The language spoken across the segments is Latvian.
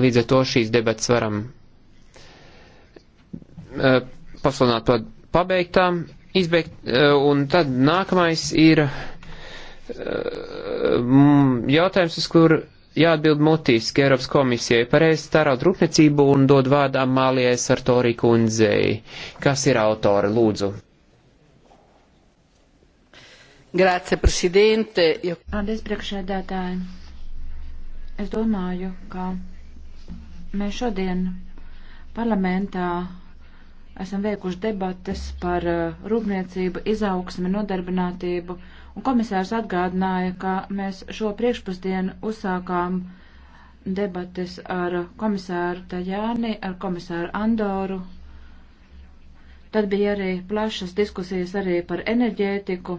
Līdz ar to šīs debatas varam uh, pasludināt par pabeigtām, izbeigt, uh, un tad nākamais ir uh, jautājums, uz kuru jāatbild mutiski Eiropas komisijai par ēst tārāt rūpniecību un dod vārdā Mālijai Sartori kundzei. Kas ir autori, lūdzu? Grāce, prezidente. Paldies, priekšēdētāji. Es domāju, ka Mēs šodien parlamentā esam veikuši debates par uh, rūpniecību, izaugsmi, nodarbinātību, un komisārs atgādināja, ka mēs šo priekšpusdienu uzsākām debates ar komisāru Tajāni, ar komisāru Andoru. Tad bija arī plašas diskusijas arī par enerģētiku.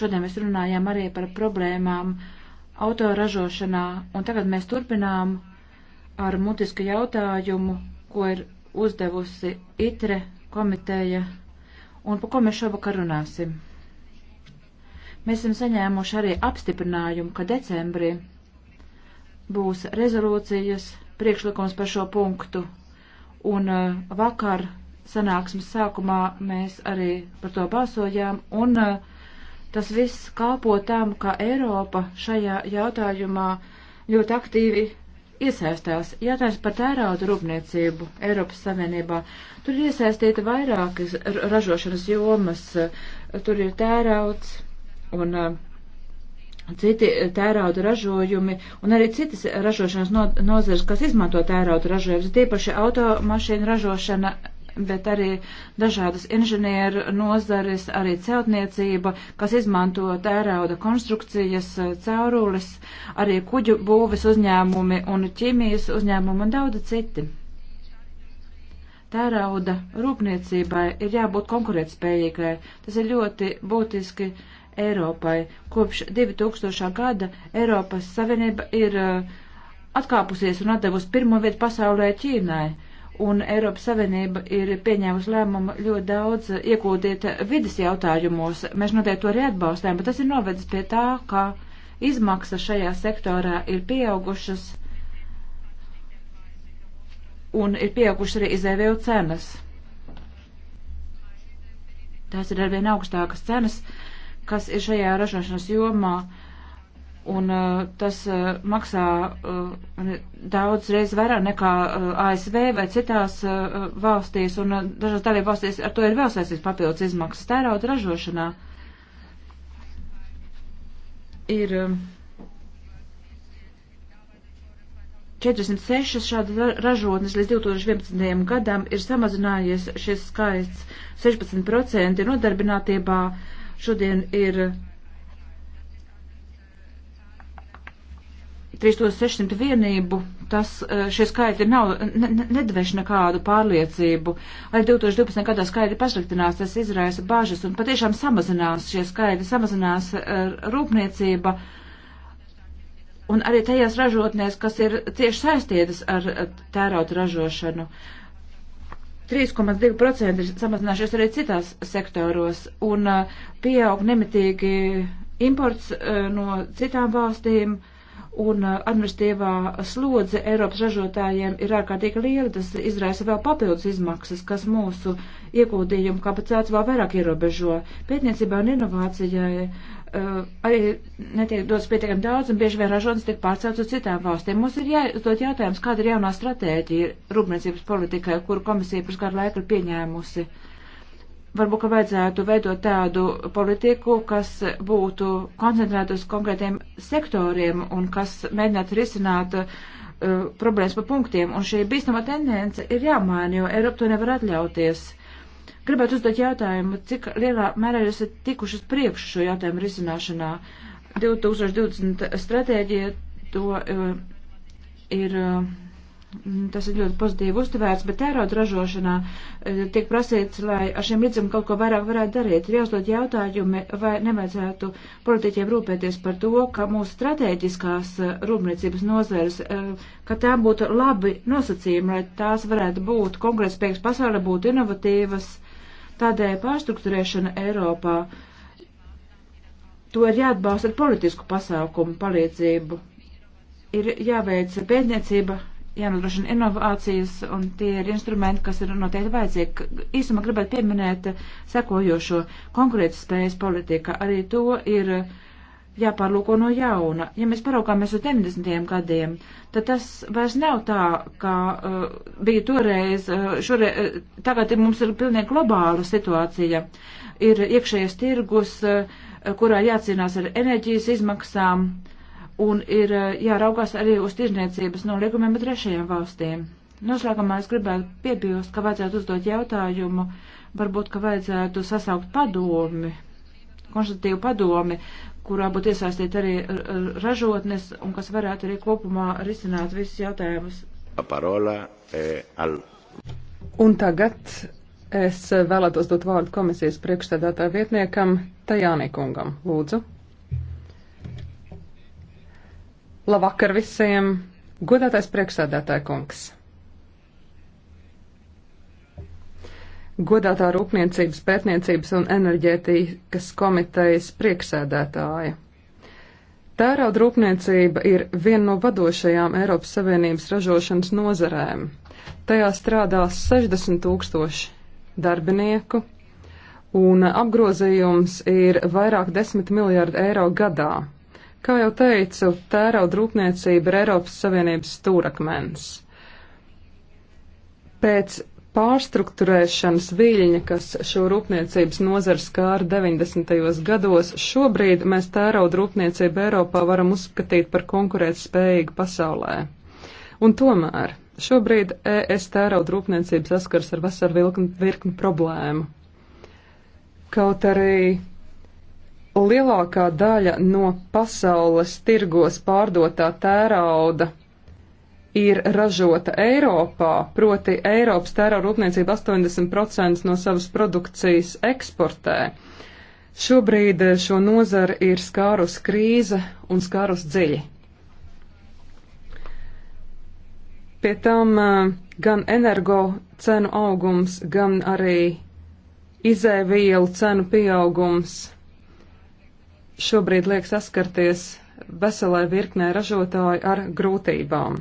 Šodien mēs runājām arī par problēmām autoražošanā, un tagad mēs turpinām ar mutisku jautājumu, ko ir uzdevusi ITRE komiteja un par ko mēs šovakar runāsim. Mēs esam saņēmuši arī apstiprinājumu, ka decembrī būs rezolūcijas priekšlikums par šo punktu, un uh, vakar sanāksmes sākumā mēs arī par to balsojām, un uh, tas viss kalpo tam, ka Eiropa šajā jautājumā ļoti aktīvi iesaistās. Jautājums par tērauda rūpniecību Eiropas Savienībā. Tur ir iesaistīta vairākas ražošanas jomas. Tur ir tērauds un uh, citi tērauda ražojumi un arī citas ražošanas nozares, kas izmanto tērauda ražojumus, tīpaši automašīnu ražošana bet arī dažādas inženieru nozares, arī celtniecība, kas izmanto tērauda konstrukcijas, caurules, arī kuģu būves uzņēmumi un ķīmijas uzņēmumi un daudz citi. Tērauda rūpniecībai ir jābūt konkurētspējīgai. Tas ir ļoti būtiski Eiropai. Kopš 2000. gada Eiropas Savienība ir uh, atkāpusies un atdevusi pirmo vietu pasaulē Ķīnai un Eiropas Savienība ir pieņēmusi lēmumu ļoti daudz iekūtīt vidas jautājumos. Mēs noteikti to arī atbalstām, bet tas ir novedis pie tā, ka izmaksas šajā sektorā ir pieaugušas un ir pieaugušas arī izēvēju cenas. Tās ir arvien augstākas cenas, kas ir šajā ražošanas jomā. Uh, Un uh, tas uh, maksā uh, daudz reiz vairāk nekā uh, ASV vai citās uh, valstīs, un uh, dažās dalību valstīs ar to ir vēl saistīts papildus izmaksas. Tērauda ražošanā ir uh, 46 šāda ražotnes līdz 2011. gadam ir samazinājies šis skaits 16% nodarbinātībā. Šodien ir. Uh, 3600 vienību, tas e, šie skaitļi nav, ne, nedveš nekādu pārliecību. Arī 2012. gadā skaitļi pasliktinās, tas izraisa bažas un patiešām samazinās šie skaitļi, samazinās e, rūpniecība. Un arī tajās ražotnēs, kas ir tieši saistītas ar e, tērautu ražošanu. 3,2% ir samazinājušies arī citās sektoros un pieaug nemitīgi imports no citām valstīm un uh, administratīvā slodze Eiropas ražotājiem ir ārkārtīgi liela. Tas izraisa vēl papildus izmaksas, kas mūsu iegūdījumu kapacitātes vēl vairāk ierobežo. Pētniecībā un inovācijai uh, arī netiek dots pietiekami daudz, un bieži vien ražotnes tiek pārcelts uz citām valstīm. Mums ir jāuzdod jautājums, kāda ir jaunā stratēģija rūpniecības politikai, kuru komisija pirms kādu laiku ir pieņēmusi. Uh, varbūt, ka vajadzētu veidot tādu politiku, kas būtu koncentrēta uz konkrētiem sektoriem un kas mēģinātu risināt uh, problēmas pa punktiem. Un šī bīstama tendence ir jāmaina, jo Eiropa to nevar atļauties. Gribētu uzdot jautājumu, cik lielā mērā jūs esat tikušas priekš šo jautājumu risināšanā. 2020 stratēģija to uh, ir. Uh, Mm, tas ir ļoti pozitīvi uztvērts, bet tērauda ražošanā eh, tiek prasīts, lai ar šiem līdzekļiem kaut ko vairāk varētu darīt. Ir jāuzdod jautājumi, vai nevajadzētu politiķiem rūpēties par to, ka mūsu strateģiskās eh, rūpniecības nozares, eh, ka tām būtu labi nosacījumi, lai tās varētu būt konkurētspējas pasaulē, būtu inovatīvas. Tādēļ pārstruktūrēšana Eiropā. To ir jāatbalsta ar politisku pasākumu palīdzību. Ir jāveic pētniecība, jānodrošina inovācijas, un tie ir instrumenti, kas ir noteikti vajadzīgi. Īsumā gribētu pieminēt sekojošo konkurētas spējas politika. Arī to ir jāpārlūko no jauna. Ja mēs paraugāmies uz 90. gadiem, tad tas vairs nav tā, kā uh, bija toreiz. Uh, šoreiz, uh, tagad ir, mums ir pilnīgi globāla situācija. Ir iekšējais tirgus, uh, kurā jācīnās ar enerģijas izmaksām. Uh, un ir eh, jāraugās arī uz tirzniecības nolīgumiem ar trešajām valstīm. Noslēgumā es gribētu piebilst, ka vajadzētu uzdot jautājumu, varbūt, ka vajadzētu sasaukt padomi, konstatīvu padomi, kurā būtu iesaistīta arī ražotnes un kas varētu arī kopumā risināt visus jautājumus. Parola, e, al... Un tagad es vēlētos dot vārdu komisijas priekšstādātāja vietniekam Tajānī kungam. Lūdzu. Labvakar visiem! Godātais priekšsēdētāja kungs! Godātā Rūpniecības, Pētniecības un enerģētikas komitejas priekšsēdētāja. Tērauda rūpniecība ir viena no vadošajām Eiropas Savienības ražošanas nozarēm. Tajā strādās 60 tūkstoši darbinieku, un apgrozījums ir vairāk desmit miljārdu eiro gadā. Kā jau teicu, tērauda rūpniecība ir Eiropas Savienības stūrakmens. Pēc pārstruktūrēšanas viļņa, kas šo rūpniecības nozaru skāra 90. gados, šobrīd mēs tērauda rūpniecību Eiropā varam uzskatīt par konkurētspējīgu pasaulē. Un tomēr šobrīd ES tērauda rūpniecība saskars ar vasaru virkni problēmu. Kaut arī lielākā daļa no pasaules tirgos pārdotā tērauda ir ražota Eiropā, proti Eiropas tērauda 80% no savas produkcijas eksportē. Šobrīd šo nozari ir skārus krīze un skārus dziļi. Pie tam eh, gan energo cenu augums, gan arī izēvielu cenu pieaugums šobrīd liek saskarties veselai virknē ražotāji ar grūtībām.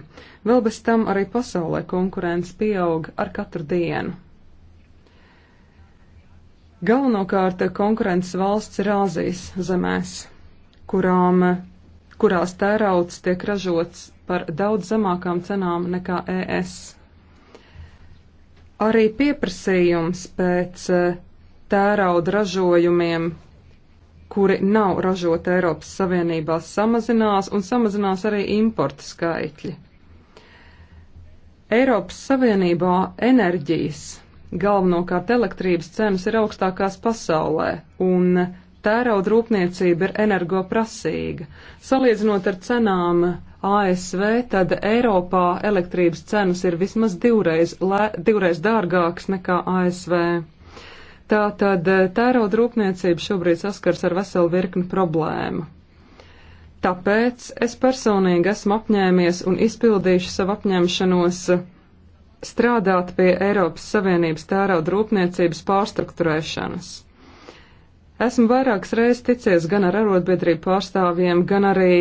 Vēl bez tam arī pasaulē konkurence pieaug ar katru dienu. Galvenokārt konkurences valsts ir Āzijas zemēs, kurām, kurās tērauds tiek ražots par daudz zemākām cenām nekā ES. Arī pieprasījums pēc eh, tērauda ražojumiem kuri nav ražoti Eiropas Savienībā, samazinās un samazinās arī importa skaitļi. Eiropas Savienībā enerģijas, galvenokārt elektrības cenas ir augstākās pasaulē, un tērauda rūpniecība ir energoprasīga. Salīdzinot ar cenām ASV, tad Eiropā elektrības cenas ir vismaz divreiz, divreiz dārgākas nekā ASV. Tātad eh, tērauda rūpniecība šobrīd saskars ar veselu virkni problēmu. Tāpēc es personīgi esmu apņēmies un izpildīšu savu apņemšanos eh, strādāt pie Eiropas Savienības tērauda rūpniecības pārstruktūrēšanas. Esmu vairākas reizes ticies gan ar arotbiedrību pārstāvjiem, gan arī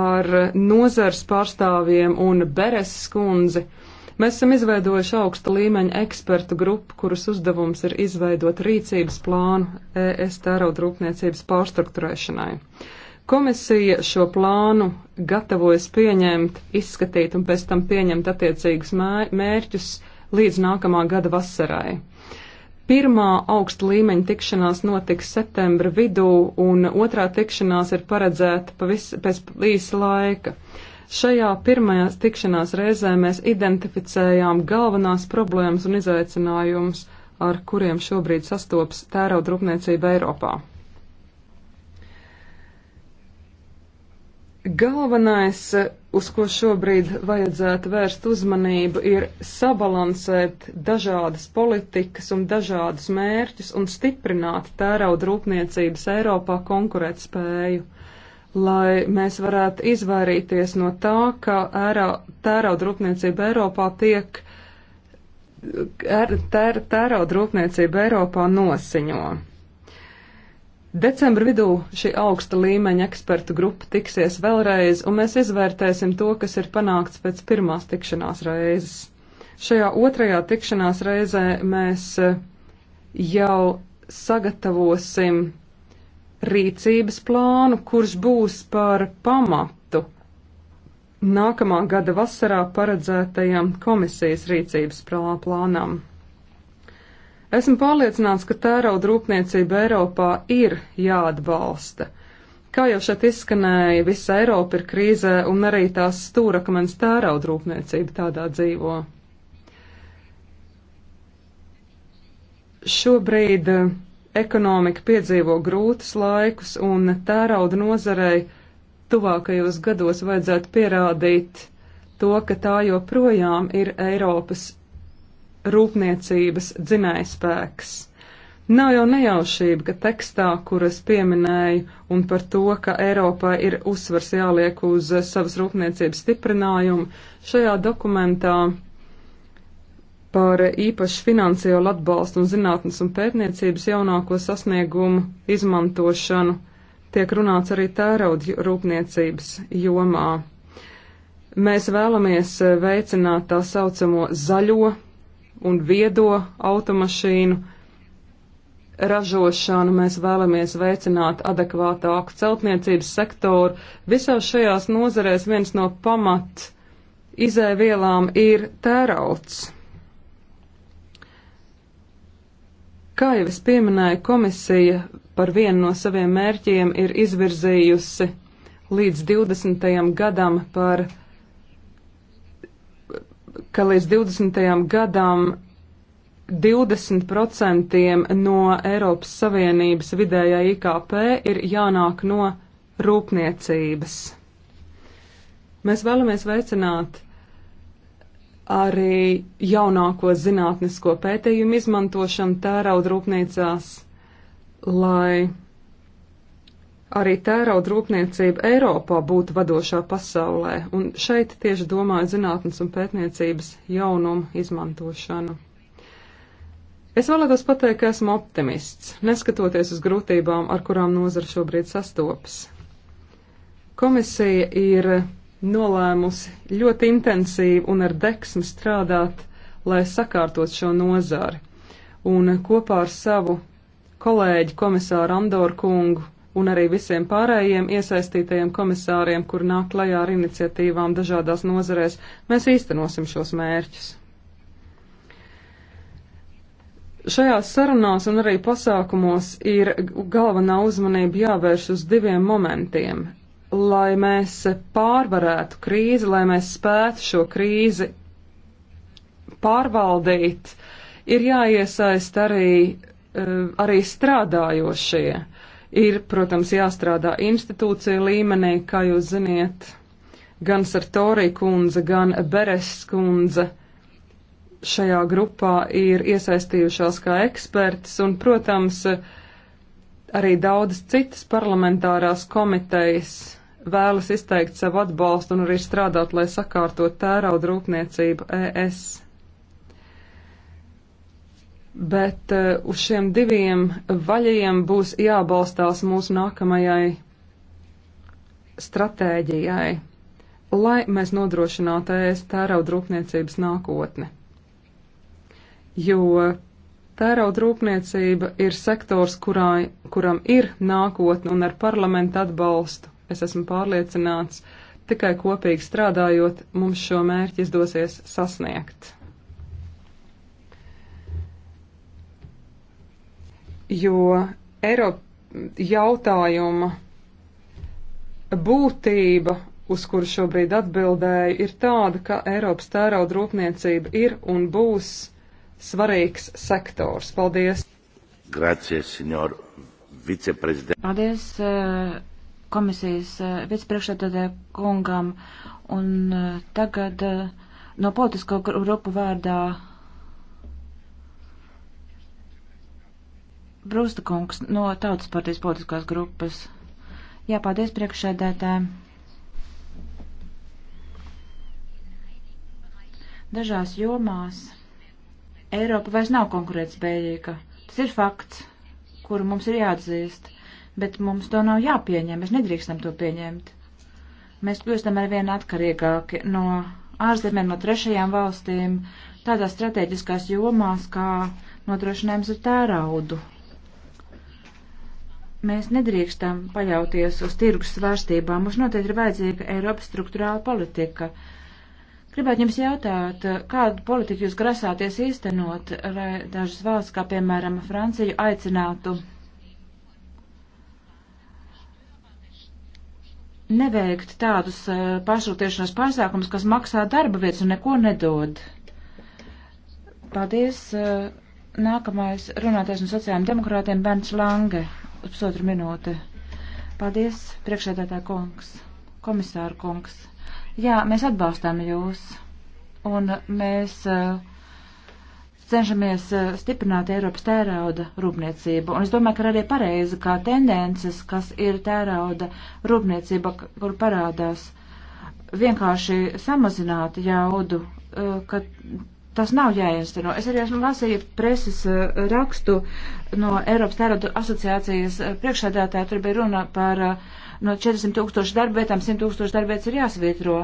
ar nozars pārstāvjiem un Beres skundzi. Uh, Mēs esam izveidojuši augsta līmeņa ekspertu grupu, kuras uzdevums ir izveidot rīcības plānu ES tērauda rūpniecības pārstruktūrēšanai. Komisija šo plānu gatavojas pieņemt, izskatīt un pēc tam pieņemt attiecīgus mērķus līdz nākamā gada vasarai. Pirmā augsta līmeņa tikšanās notiks septembra vidū, un otrā tikšanās ir paredzēta pavis, pēc īsa laika. Šajā pirmajās tikšanās reizē mēs identificējām galvenās problēmas un izaicinājumus, ar kuriem šobrīd sastopas tērauda rūpniecība Eiropā. Galvenais, uz ko šobrīd vajadzētu vērst uzmanību, ir sabalansēt dažādas politikas un dažādus mērķus un stiprināt tērauda rūpniecības Eiropā konkurētspēju. spēju lai mēs varētu izvairīties no tā, ka tērauda rūpniecība Eiropā tiek, er, tērauda rūpniecība Eiropā nosiņo. Decembra vidū šī augsta līmeņa ekspertu grupa tiksies vēlreiz, un mēs izvērtēsim to, kas ir panākts pēc pirmās tikšanās reizes. Šajā otrajā tikšanās reizē mēs jau sagatavosim rīcības plānu, kurš būs par pamatu nākamā gada vasarā paredzētajam komisijas rīcības plānam. Esmu pārliecināts, ka tērauda rūpniecība Eiropā ir jāatbalsta. Kā jau šeit izskanēja, visa Eiropa ir krīzē un arī tās stūrakmens tērauda rūpniecība tādā dzīvo. Šobrīd ekonomika piedzīvo grūtus laikus un tērauda nozarei tuvākajos gados vajadzētu pierādīt to, ka tā joprojām ir Eiropas rūpniecības dzinējspēks. Nav jau nejaušība, ka tekstā, kur es pieminēju, un par to, ka Eiropai ir uzsvars jāliek uz savas rūpniecības stiprinājumu, šajā dokumentā par īpašu finansiālu atbalstu un zinātnes un pētniecības jaunāko sasniegumu izmantošanu tiek runāts arī tērauda rūpniecības jomā. Mēs vēlamies e, veicināt tā saucamo zaļo un viedo automašīnu ražošanu, mēs vēlamies veicināt adekvātāku celtniecības sektoru. Visās šajās nozarēs viens no pamat izēvielām ir tērauds. Kā jau es pieminēju, komisija par vienu no saviem mērķiem ir izvirzījusi līdz 20. gadam par, ka līdz 20. gadam 20% no Eiropas Savienības vidējā IKP ir jānāk no rūpniecības. Mēs vēlamies veicināt arī jaunāko zinātnisko pētījumu izmantošanu tērauda rūpniecās, lai arī tērauda rūpniecība Eiropā būtu vadošā pasaulē, un šeit tieši domāju zinātnes un pētniecības jaunumu izmantošanu. Es vēlētos pateikt, ka esmu optimists, neskatoties uz grūtībām, ar kurām nozara šobrīd sastopas. Komisija ir nolēmusi ļoti intensīvi un ar deksmu strādāt, lai sakārtot šo nozari. Un kopā ar savu kolēģi komisāru Andoru kungu un arī visiem pārējiem iesaistītajiem komisāriem, kur nāk klajā ar iniciatīvām dažādās nozarēs, mēs īstenosim šos mērķus. Šajās sarunās un arī pasākumos ir galvenā uzmanība jāvērš uz diviem momentiem lai mēs pārvarētu krīzi, lai mēs spētu šo krīzi pārvaldīt, ir jāiesaist arī, eh, arī strādājošie. Ir, protams, jāstrādā institūcija līmenī, kā jūs ziniet, gan Sartori kundze, gan Beres kundze šajā grupā ir iesaistījušās kā eksperts un, protams, arī daudzas citas parlamentārās komitejas vēlas izteikt savu atbalstu un arī strādāt, lai sakārtot tērauda rūpniecību ES. Bet uh, uz šiem diviem vaļajiem būs jābalstās mūsu nākamajai stratēģijai, lai mēs nodrošinātu ES tērauda rūpniecības nākotni. Jo Tērauda rūpniecība ir sektors, kurā, kuram ir nākotne un ar parlamentu atbalstu es esmu pārliecināts, tikai kopīgi strādājot mums šo mērķi izdosies sasniegt. Jo Eiropa jautājuma būtība, uz kuru šobrīd atbildēju, ir tāda, ka Eiropas tērauda rūpniecība ir un būs svarīgs sektors. Paldies! Grazie, signor viceprezidents. Paldies, eh, komisijas eh, vicepriekšsēdētāja kungam. Un eh, tagad eh, no politisko grupu vārdā Brūsta kungs no Tautas partijas politiskās grupas. Jā, paldies priekšsēdētājiem. Dažās jomās Eiropa vairs nav konkurētspējīga. Tas ir fakts, kuru mums ir jāatzīst bet mums to nav jāpieņem, mēs nedrīkstam to pieņemt. Mēs kļūstam ar vien atkarīgāki no ārzemēm, no trešajām valstīm, tādās strateģiskās jomās, kā nodrošinājums ar tēraudu. Mēs nedrīkstam paļauties uz tirgus svārstībām, mums noteikti ir vajadzīga Eiropas struktūrāla politika. Gribētu jums jautāt, kādu politiku jūs grasāties īstenot, lai dažas valsts, kā piemēram Francija, aicinātu neveikt tādus eh, pašrūtiešanas pasākumus, kas maksā darba vietas un neko nedod. Paldies. Eh, nākamais runātais no sociālajiem demokrātiem Bērns Lange. Pusotru minūte. Paldies, priekšēdētā kungs, komisāra kungs. Jā, mēs atbalstām jūs. Un mēs uh, cenšamies eh, stiprināt Eiropas tērauda rūpniecību. Un es domāju, ka arī pareizi, kā tendences, kas ir tērauda rūpniecība, kur parādās vienkārši samazināt jaudu, eh, ka tas nav jāiesteno. Es arī esmu lasījis preses eh, rakstu no Eiropas tērauda asociācijas priekšsēdētāja. Tur bija runa par no 400 tūkstošu darba vietām 100 tūkstošu darba vietas ir jāsvietro.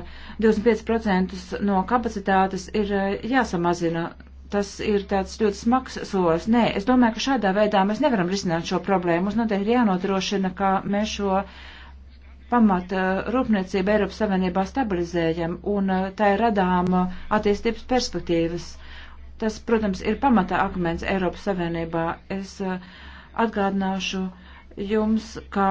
25% no kapacitātes ir jāsamazina tas ir tāds ļoti smags solis. Nē, es domāju, ka šādā veidā mēs nevaram risināt šo problēmu. Mums noteikti ir jānodrošina, ka mēs šo pamata rūpniecību Eiropas Savienībā stabilizējam un eh, tā ir radām attīstības perspektīvas. Tas, protams, ir pamatā akmens Eiropas Savienībā. Es eh, atgādināšu jums, ka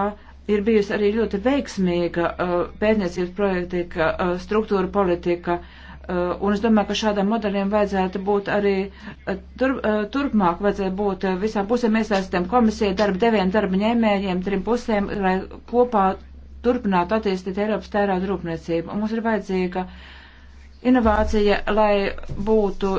ir bijusi arī ļoti veiksmīga eh, pētniecības projektika, struktūra politika. Uh, Eh, un es domāju, ka šādam modelim vajadzētu būt arī eh, tur, eh, turpmāk, vajadzētu būt visām pusēm iesaistām komisijai, darba devējiem, darba ņēmējiem, trim pusēm, lai kopā turpinātu attīstīt Eiropas tērauda rūpniecību. Un mums ir vajadzīga inovācija, lai būtu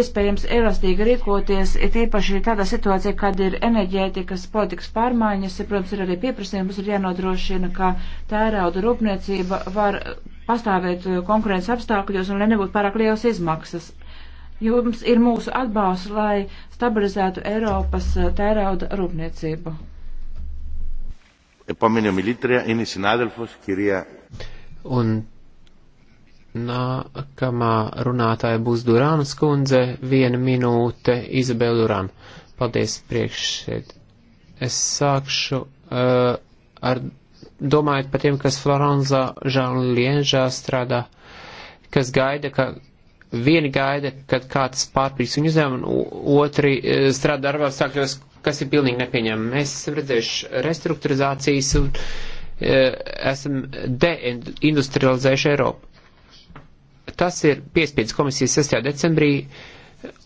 iespējams elastīgi rīkoties, ir īpaši tādā situācijā, kad ir enerģētikas politikas pārmaiņas, ir, protams, ir arī pieprasījums, ir jānodrošina, ka tērauda rūpniecība var pastāvēt eh, konkurences apstākļos un lai nebūtu pārāk lielas izmaksas. Jums ir mūsu atbalsts, lai stabilizētu Eiropas eh, tērauda rūpniecību. Un nākamā runātāja būs Durānas kundze, viena minūte Izabela Durāna. Paldies priekšsēd. Es sākšu uh, ar domājot par tiem, kas Florenza Žanliežā strādā, kas gaida, ka vieni gaida, kad kāds pārpīs viņu uzņēmumu, un otri e, strādā darbā stākļos, kas ir pilnīgi nepieņemami. Mēs esam redzējuši restruktūrizācijas un e, esam deindustrializējuši Eiropu. Tas ir piespiedz komisijas 6. decembrī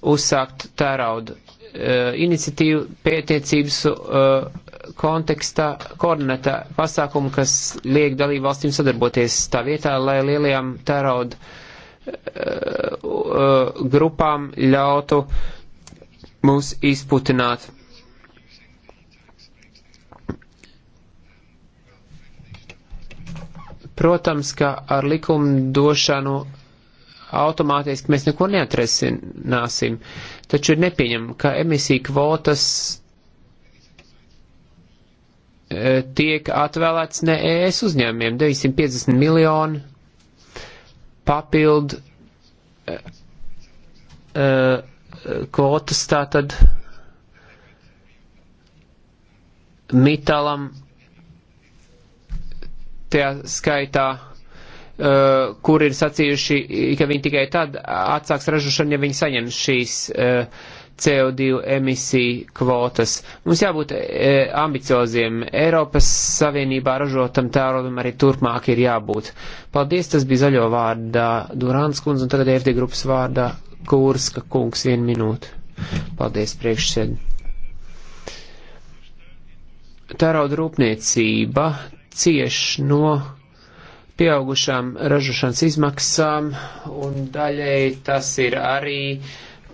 uzsākt tērauda Eh, iniciatīvu pētniecības eh, kontekstā koordinētā pasākumu, kas liek dalību valstīm sadarboties tā vietā, lai lielajām tērauda eh, grupām ļautu mūs izputināt. Protams, ka ar likumdošanu automātiski mēs neko neatresināsim. Uh, Taču ir nepieņem, ka emisiju kvotas e, tiek atvēlēts ne ES uzņēmumiem 950 miljonu papildu e, e, kvotas tātad metalam tajā skaitā Uh, kur ir sacījuši, ka viņi tikai tad atsāks ražošanu, ja viņi saņem šīs uh, eh, CO2 emisiju kvotas. Mums jābūt uh, ambicioziem. Eiropas Savienībā ražotam tērodam arī turpmāk ir jābūt. Paldies, tas bija zaļo vārdā Durāns kundze un tagad FD grupas vārdā Kūrska kungs vienu minūtu. Paldies, priekšsēd. Tērauda rūpniecība cieš no pieaugušām ražošanas izmaksām, un daļēji tas ir arī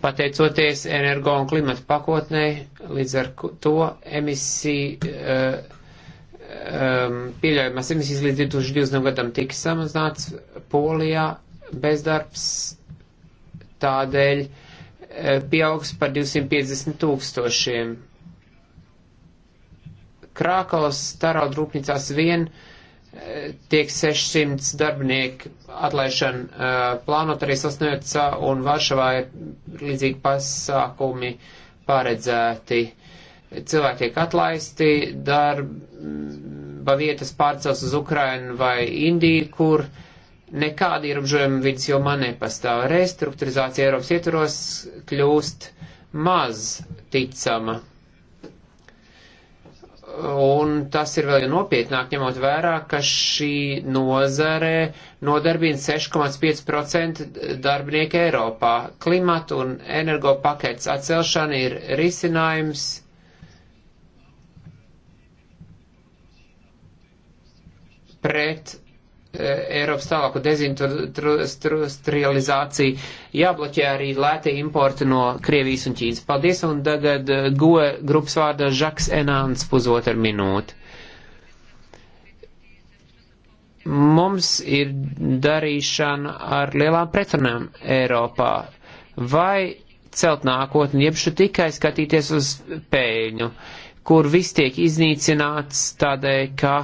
pateicoties energo un klimata pakotnē, līdz ar to emisiju, um, eh, eh, pieļaujamās emisijas līdz 2020. gadam tika samazināts Polijā, bezdarbs tādēļ eh, pieaugs par 250 tūkstošiem. Krākaus tarauda rūpnīcās vien uh, tiek 600 darbinieki atlaišana uh, plānot arī sasniedzā, un Varšavā ir līdzīgi pasākumi paredzēti. Cilvēki tiek atlaisti, darba vietas pārcels uz Ukrainu vai Indiju, kur nekādi ierobežojumi vidas jomā nepastāv. Restruktūrizācija Eiropas ietvaros kļūst maz ticama Un tas ir vēl nopietnāk, ņemot vērā, ka šī nozare nodarbina 6,5% darbinieku Eiropā. Klimata un energo pakets atcelšana ir risinājums. pret E, Eiropas tālāku dezindustrializāciju, jābloķē arī lētie importi no Krievijas un Ķīnas. Paldies, un tagad e, goe grupas vārdā Žaks Enāns pusotru minūti. Mums ir darīšana ar lielām pretrunām Eiropā. Vai celt nākotni, jeb šo tikai skatīties uz pēļņu, kur viss tiek iznīcināts tādēļ, ka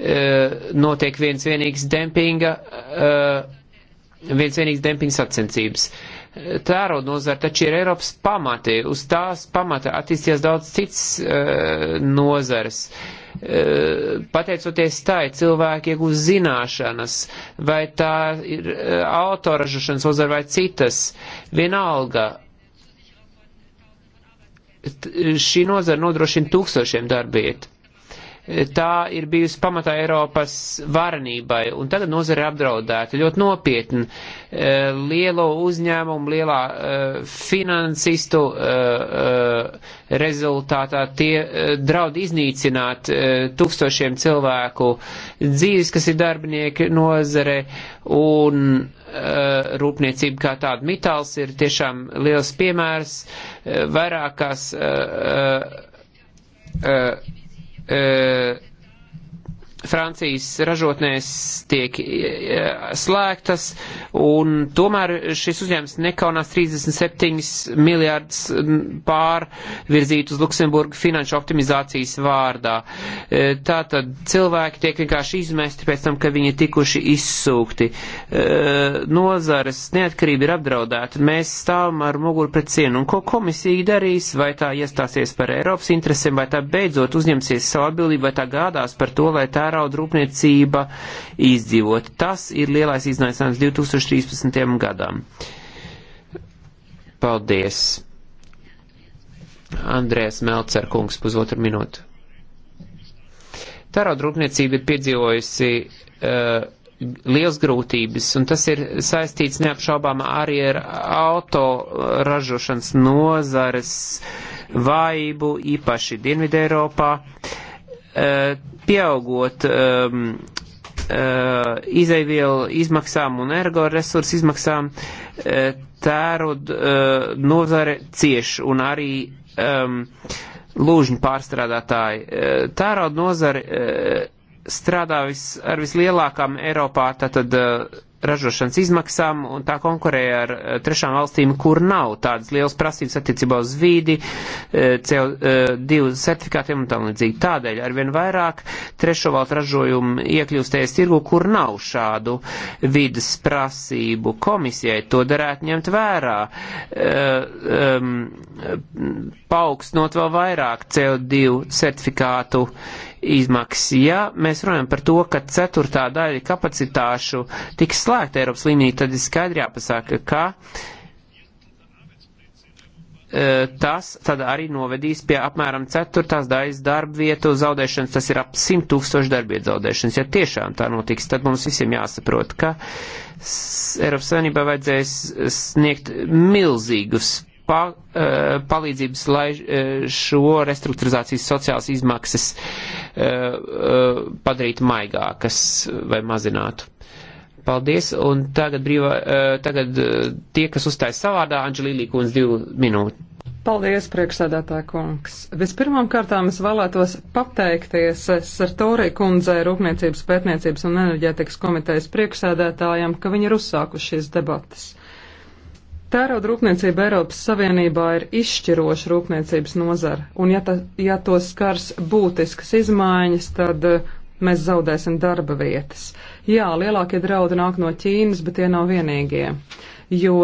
E, notiek viens vienīgs dempinga, e, viens vienīgs dempinga sacensības. Tērauda nozara taču ir Eiropas pamati, uz tās pamata attīstījās daudz cits e, nozares. Pateicoties tai, cilvēki iegūst zināšanas, vai tā ir autoražošanas nozara vai citas, vienalga. Šī nozara nodrošina tūkstošiem darbiet tā ir bijusi pamatā Eiropas varenībai, un tagad nozara ir apdraudēta ļoti nopietni. Eh, lielo uzņēmumu, lielā eh, finansistu eh, rezultātā tie draud iznīcināt tūkstošiem cilvēku dzīves, kas ir darbinieki nozare, un rūpniecība kā tāda. Mitāls ir tiešām liels piemērs vairākās. Uh, uh, e, Francijas ražotnēs tiek e, e, slēgtas, un tomēr šis uzņēmums nekaunās 37 miljārdus pārvirzīt uz Luksemburgu finanšu optimizācijas vārdā. E, tātad cilvēki tiek vienkārši izmesti pēc tam, ka viņi ir tikuši izsūkti. Nozares neatkarība ir apdraudēta. Mēs stāvam ar muguru pret cienu. Un ko komisija darīs? Vai tā iestāsies par Eiropas interesēm, vai tā beidzot uzņemsies savu atbildību, vai tā gādās par to, lai tā tērauda rūpniecība izdzīvot. Tas ir lielais iznaicinājums 2013. gadam. Paldies. Andrēs Melcer kungs, pusotru minūtu. Tērauda rūpniecība ir piedzīvojusi uh, liels grūtības, un tas ir saistīts neapšaubām arī ar auto ražošanas nozares vaibu, īpaši Dienvidē Eiropā. Uh, Uh, pieaugot um, uh, izaivielu izmaksām un energoresursu izmaksām, uh, tērod uh, nozare cieš un arī um, lūžņu pārstrādātāji. Uh, tērod nozare uh, strādā vis, ar vislielākām Eiropā tātad uh, ražošanas izmaksām un tā konkurēja ar eh, trešām valstīm, kur nav tādas liels prasības attiecībā uz vīdi, eh, CO2 eh, certifikātiem un tam līdzīgi. Tādēļ arvien vairāk trešo valstu ražojumu iekļūstējas tirgu, kur nav šādu vidas prasību. Komisijai to darētu ņemt vērā, paaugstinot vēl vairāk CO2 certifikātu izmaksas. Ja mēs runājam par to, ka ceturtā daļa kapacitāšu tiks slēgta Eiropas līmenī, tad ir skaidri jāpasaka, ka e, tas tad arī novedīs pie apmēram ceturtās daļas darba vietu zaudēšanas, tas ir ap 100 tūkstoši darbvietu zaudēšanas. Ja tiešām tā notiks, tad mums visiem jāsaprot, ka Eiropas Savienībā vajadzēs sniegt milzīgus pa, e, palīdzības, lai e, šo restruktūrizācijas sociālas izmaksas uh, Eh, eh, padarīt maigākas vai mazinātu. Paldies, un tagad, brīvā, eh, tagad tie, kas uzstājas savādā, Anģelīlī kundz divu minūtu. Paldies, priekšsēdētā kungs. Vispirmām kārtām es vēlētos pateikties Sartori kundzei Rūpniecības pētniecības un enerģētikas komitejas priekšsēdētājam, ka viņi ir uzsākuši šīs debatas. Tērauda rūpniecība Eiropas Savienībā ir izšķiroša rūpniecības nozara, un ja, ta, ja to skars būtiskas izmaiņas, tad eh, mēs zaudēsim darba vietas. Jā, lielākie draudi nāk no Ķīnas, bet tie nav vienīgie, jo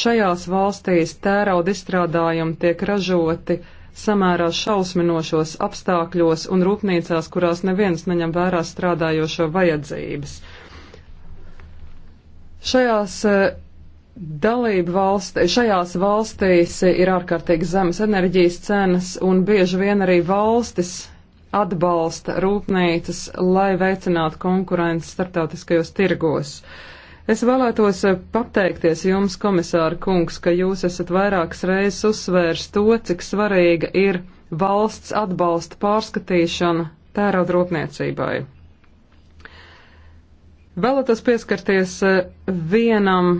šajās valstīs tērauda izstrādājumi tiek ražoti samērā šausminošos apstākļos un rūpnīcās, kurās neviens neņem vērā strādājošo vajadzības. Šajās eh, Dalība valsts, šajās valstīs ir ārkārtīgi zemes enerģijas cenas un bieži vien arī valstis atbalsta rūpnīcas, lai veicinātu konkurences starptautiskajos tirgos. Es vēlētos pateikties jums, komisāra kungs, ka jūs esat vairākas reizes uzsvērs to, cik svarīga ir valsts atbalsta pārskatīšana tērauda rūpniecībai. Vēlētos pieskarties eh, vienam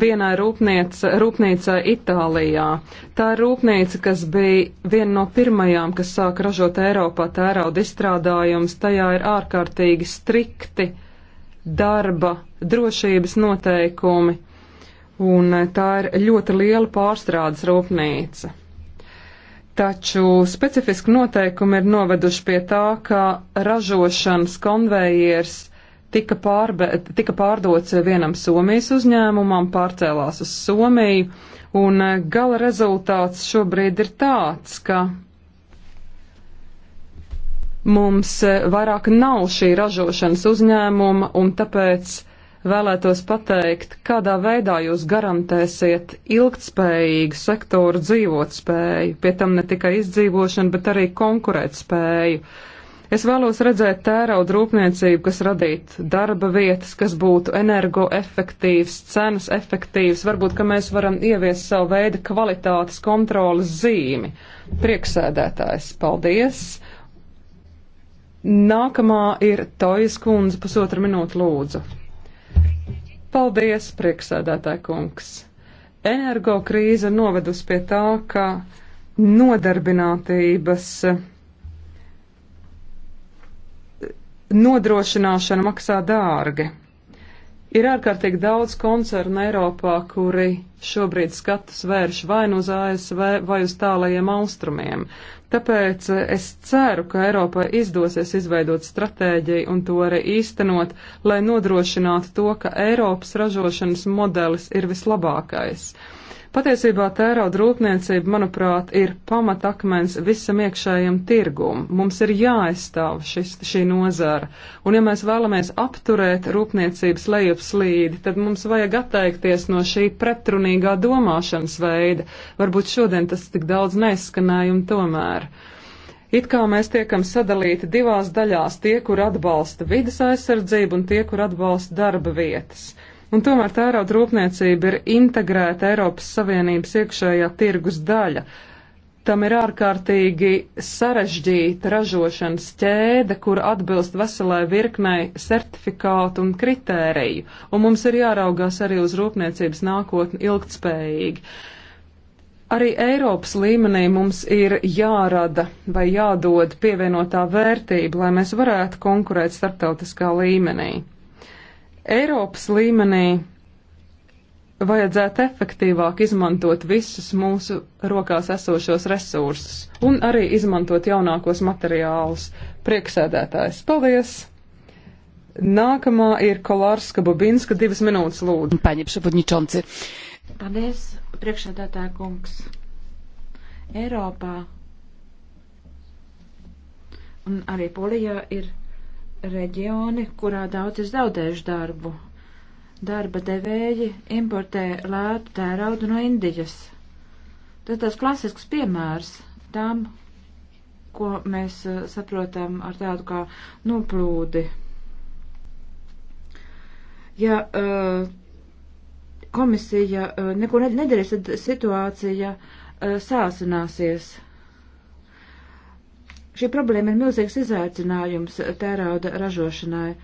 vienai rūpniece, rūpnīcai Itālijā. Tā ir rūpnīca, kas bija viena no pirmajām, kas sāk ražot Eiropā tērauda izstrādājumus. Tajā ir ārkārtīgi strikti darba drošības noteikumi, un tā ir ļoti liela pārstrādes rūpnīca. Taču specifiski noteikumi ir noveduši pie tā, ka ražošanas konvejers tika, pārbe, tika pārdots vienam Somijas uzņēmumam, pārcēlās uz Somiju, un eh, gala rezultāts šobrīd ir tāds, ka mums eh, vairāk nav šī ražošanas uzņēmuma, un tāpēc vēlētos pateikt, kādā veidā jūs garantēsiet ilgtspējīgu sektoru dzīvotspēju, pie tam ne tikai izdzīvošanu, bet arī konkurētspēju. spēju Es vēlos redzēt tērauda rūpniecību, kas radītu darba vietas, kas būtu energoefektīvs, cenas efektīvs, varbūt, ka mēs varam ieviest savu veidu kvalitātes kontrolas zīmi. Prieksēdētājs, paldies! Nākamā ir Tojas kundze, pusotra minūte lūdzu. Paldies, prieksēdētāja kungs! Energo krīze novedusi pie tā, ka nodarbinātības nodrošināšana maksā dārgi. Ir ārkārtīgi daudz koncernu Eiropā, kuri šobrīd skatus vērš vai nu uz ASV vai uz tālajiem austrumiem. Tāpēc es ceru, ka Eiropai izdosies izveidot stratēģiju un to arī īstenot, lai nodrošinātu to, ka Eiropas ražošanas modelis ir vislabākais. Uh, Patiesībā tērauda rūpniecība, manuprāt, ir pamatakmens visam iekšējam tirgum. Mums ir jāaizstāv šis, šī nozara. Un ja mēs vēlamies apturēt rūpniecības lejupslīdi, tad mums vajag atteikties no šī pretrunīgā domāšanas veida. Varbūt šodien tas tik daudz neizskanēja un tomēr. It kā mēs tiekam sadalīti divās daļās - tie, kur atbalsta vidas aizsardzību un tie, kur atbalsta darba vietas. Un tomēr tērauda rūpniecība ir integrēta Eiropas Savienības iekšējā tirgus daļa. Tam ir ārkārtīgi sarežģīta ražošanas ķēde, kur atbilst veselai virknei certifikātu un kritēriju, un mums ir jāraugās arī uz rūpniecības nākotni ilgtspējīgi. Arī Eiropas līmenī mums ir jārada vai jādod pievienotā vērtība, lai mēs varētu konkurēt starptautiskā līmenī. Eiropas līmenī vajadzētu efektīvāk izmantot visus mūsu rokās esošos resursus un arī izmantot jaunākos materiālus. Prieksēdētājs, paldies! Nākamā ir Kolārska Babinska, divas minūtes lūdzu. Paņemšu budničonci. Paldies, priekšsēdētāja kungs. Eiropā un arī Polijā ir reģioni, kurā daudz ir zaudējuši darbu. Darba devēji importē lētu tēraudu no Indijas. Tas tas klasisks piemērs tam, ko mēs eh, saprotam ar tādu kā noplūdi. Ja uh, komisija uh, neko nedarīs, tad situācija uh, sāsināsies. Šī problēma ir milzīgs izaicinājums tērauda ražošanai.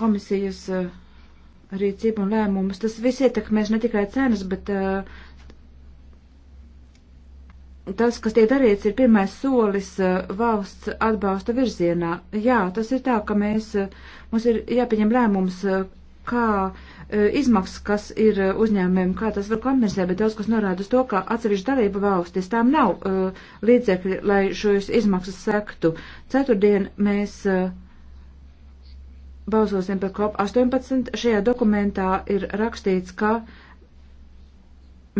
Komisijas eh, rīcība un lēmumus, tas viss ietekmēs ne tikai cenas, bet uh, tas, kas tiek darīts, ir pirmais solis eh, valsts atbalsta virzienā. Jā, tas ir tā, ka mēs, mums ir jāpieņem lēmums, kā e, izmaksas, kas ir e, uzņēmumiem, kā tas var kompensēt, bet daudz kas norāda uz to, ka atsevišķa dalība valstis tām nav uh, līdzekļi, lai šos izmaksas sektu. Ceturtdien mēs uh, balsosim par COP18. Šajā dokumentā ir rakstīts, ka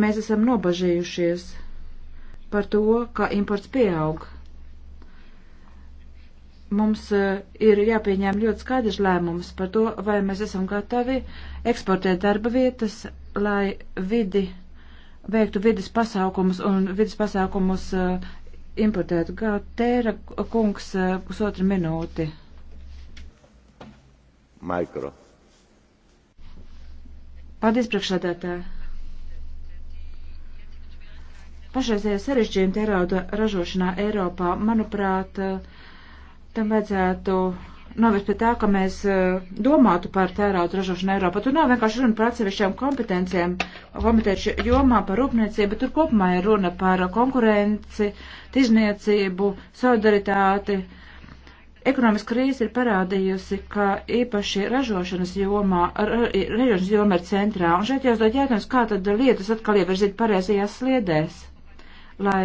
mēs esam nobažījušies par to, ka imports pieaug mums e, ir jāpieņem ļoti skaidrs lēmums par to, vai mēs esam gatavi eksportēt darba vietas, lai vidi veiktu vidas pasākumus un vidas pasākumus uh, importētu. Kā tēra kungs uh, pusotra minūti? Mikro. Paldies, priekšsēdētāji. Pašreizējā sarežģījuma tērauda ražošanā Eiropā, manuprāt, uh, tam vajadzētu novest pie tā, ka mēs eh, domātu par tērauda ražošanu Eiropā. Tur nav vienkārši runa par atsevišķām kompetencijām, kompetenci jomā par rūpniecību, bet tur kopumā ir runa par konkurenci, tirzniecību, solidaritāti. Ekonomiska krīze ir parādījusi, ka īpaši ražošanas jomā, ražošanas joma ir centrā, un šeit jāuzdod jautājums, kā tad lietas atkal ievirzīt pareizajās sliedēs, lai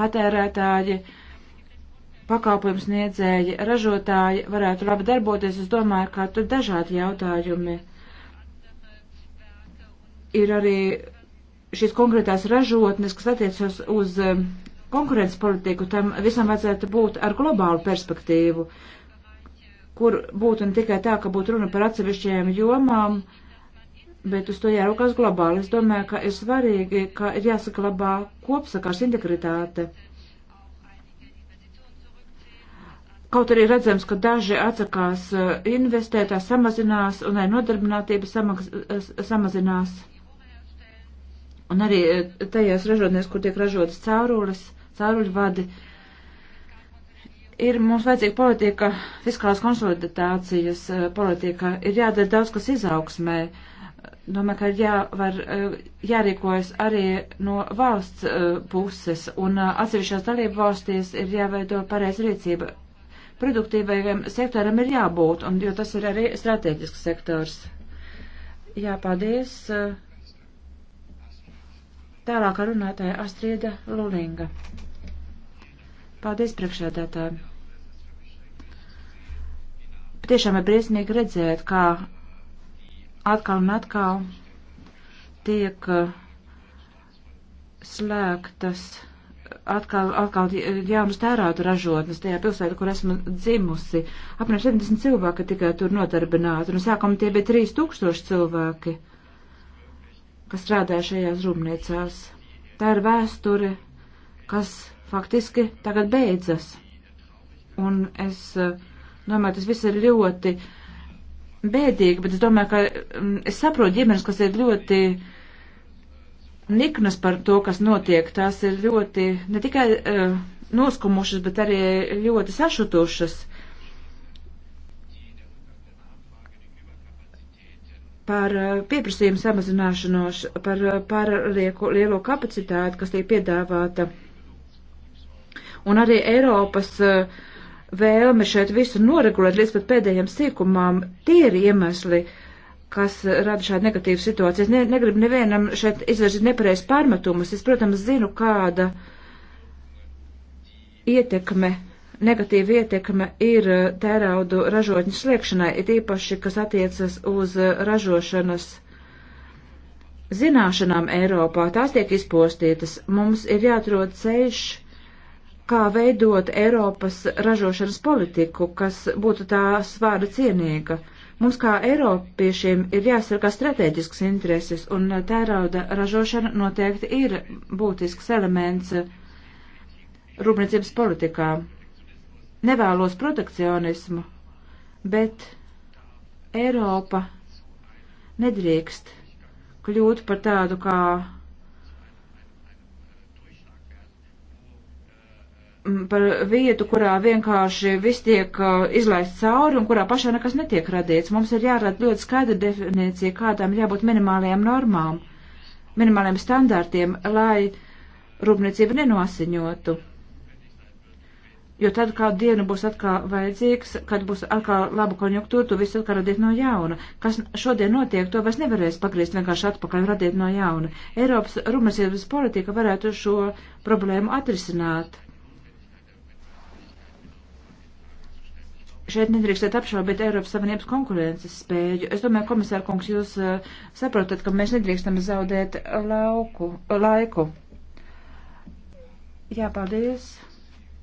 patērētāji pakalpojums niedzēji, ražotāji varētu labi darboties. Es domāju, ka tur dažādi jautājumi ir arī šīs konkrētās ražotnes, kas attiecas uz, uz um, konkurences politiku, tam visam vajadzētu būt ar globālu perspektīvu, kur būtu ne tikai tā, ka būtu runa par atsevišķajām jomām, bet uz to jāraukās globāli. Es domāju, ka ir svarīgi, ka ir jāsaklabā kopsakars integritāte. Kaut arī redzams, ka daži atsakās eh, investēt, tā samazinās, un arī nodarbinātība samaks, eh, samazinās. Un arī eh, tajās ražotnēs, kur tiek ražotas caurules, cauruļu vadi, ir mums vajadzīga politika, fiskālās konsolidatācijas politika, ir jādara daudz kas izaugsmē. Domāju, ka ir jāvar, jārīkojas arī no valsts puses, un atsevišķās dalību valstīs ir jāveido pareiz rīcība produktīvajam sektoram ir jābūt, un, jo tas ir arī strateģisks sektors. Jā, paldies. Tālākā runātāja Astrīda Lulinga. Paldies priekšēdētājiem. Tiešām ir briesmīgi redzēt, kā atkal un atkal tiek eh, slēgtas atkal, atkal jaunus tērātu ražotnes tajā pilsētā, kur esmu dzimusi. Apmēram 70 cilvēki tikai tur nodarbināti, un sākumā tie bija 3000 cilvēki, kas strādāja šajās rūpniecās. Tā ir vēsture, kas faktiski tagad beidzas. Un es eh, domāju, tas viss ir ļoti bēdīgi, bet es domāju, ka mm, es saprotu ģimenes, kas ir ļoti niknas par to, kas notiek. Tās ir ļoti ne tikai uh, noskumušas, bet arī ļoti sašutušas. Par uh, pieprasījumu samazināšanos, par uh, eh, pārlieku lielo kapacitāti, kas tiek piedāvāta. Un arī Eiropas uh, vēlme šeit visu noregulēt līdz pat pēdējiem sīkumām, tie ir iemesli, uh, kas rada šādu negatīvu situāciju. Es ne, negribu nevienam šeit izvirzīt nepareiz pārmetumus. Es, protams, zinu, kāda ietekme, negatīva ietekme ir eh, tēraudu ražotņu sliekšanai, it īpaši, kas attiecas uz eh, ražošanas zināšanām Eiropā. Tās tiek izpostītas. Mums ir jāatrod ceļš, kā veidot Eiropas ražošanas politiku, kas būtu tās vārda cienīga Mums kā Eiropiešiem ir jāsargā strateģisks intereses, un tērauda ražošana noteikti ir būtisks elements rūpniecības politikā. Nevēlos protekcionismu, bet Eiropa nedrīkst kļūt par tādu kā par vietu, kurā vienkārši viss tiek uh, izlaists cauri un kurā pašā nekas netiek radīts. Mums ir jārada ļoti skaidra definīcija, kādām jābūt minimālajām normām, minimālajiem standārtiem, lai rūpniecība nenosiņotu. Jo tad kādu dienu būs atkal vajadzīgs, kad būs atkal laba konjunktūra, tu visu atkal radīt no jauna. Kas šodien notiek, to vairs nevarēs pagriezt vienkārši atpakaļ un radīt no jauna. Eiropas rūpniecības politika varētu šo problēmu atrisināt šeit nedrīkstēt apšaubīt Eiropas Savienības konkurences spēju. Es domāju, komisāra kungs, jūs eh, saprotat, ka mēs nedrīkstam zaudēt lauku, laiku. Jā, paldies.